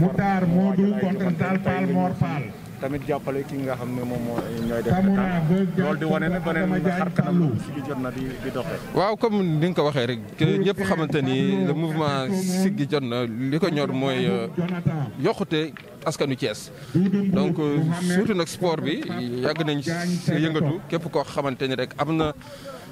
Moutar Modou Kontantal Paal Mor Paal. tamit jàppale ki nga xam ne moom mooy ñooy def lool di wane ne beneen xar kanam Siggi jot na di di doxee. waaw comme ni nga ko waxee rek ñëpp xamante ni le mouvement Siggi jot na li ko ñor mooy euh, yokkute askanu Thiès donc euh, surtout nag sport bi yàgg nañ si yëngatu képp koo xamante ni rek am na.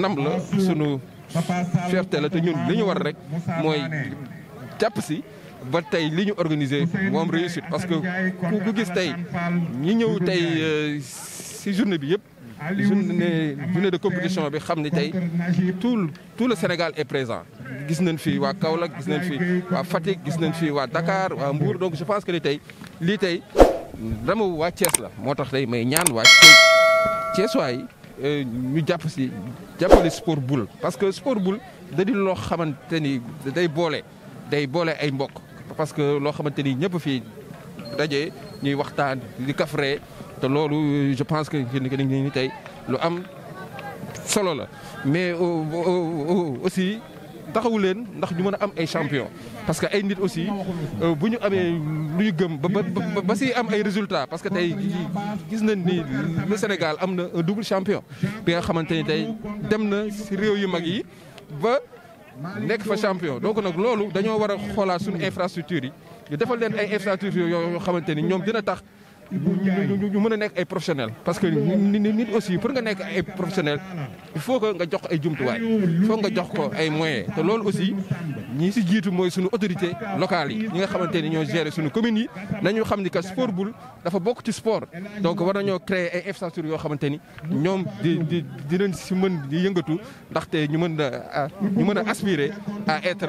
ndam la sunu fierté la té ñun liñu war rek moy japp si ba tay liñu organiser organisé moom réussite parce que ku gis tay ñi ñëw tay ci euh, journée bi yëpp journée journée de compétition bi xam ni tey tout tout le Sénégal est présent gis nañ fi waa Kaolack gis nañ fi waa Fatick gis nañ fi waa Dakar waa Mbour donc je pense que li tey lii tey dama waa Thiès la moo tax tey may ñaan waa Thiès Thiès waay euh, ñu japp ci jàppale sport boule parce que sport boule da di lo xamanteni day bolé day bolé ay mbokk parce que lo xamanteni ni ñëpp fii daje ñuy waxtaan di kafré te lolu je pense que dañ ni tay lu am solo la mais aussi taxawu leen ndax ñu mën a am ay champion parce que ay nit aussi euh, bu ñu amee luy gëm ba ba si am ay résultats parce que tey gis nañ ni le Sénégal am na un double champion bi nga xamante ni tey dem na si réew yu mag yi ba nekk fa champion donc nag loolu dañoo war a xoolaat suñu infrastructure yi ñu defal leen ay infrastructure yoo xamante ni ñoom dina tax ñu mën a nekk ay professionnel parce que nit aussi pour nga nekk ay professionnel il faut que nga jox ay jumtuwaay il nga jox ko ay moyens te loolu aussi ñi si jiitu mooy suñu autorité locale yi ñi nga xamante ni ñoo gérer suñu communes yi nañu xam ni que sport bul dafa bokk ci sport donc war nañoo créer ay infrastructure yoo xamante ni ñoom di di dinañ si mën di yëngatu ndaxte ñu mën a ñu mën a aspirer à être